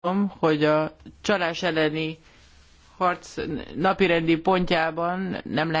gondolom, hogy a csalás elleni harc napirendi pontjában nem lehet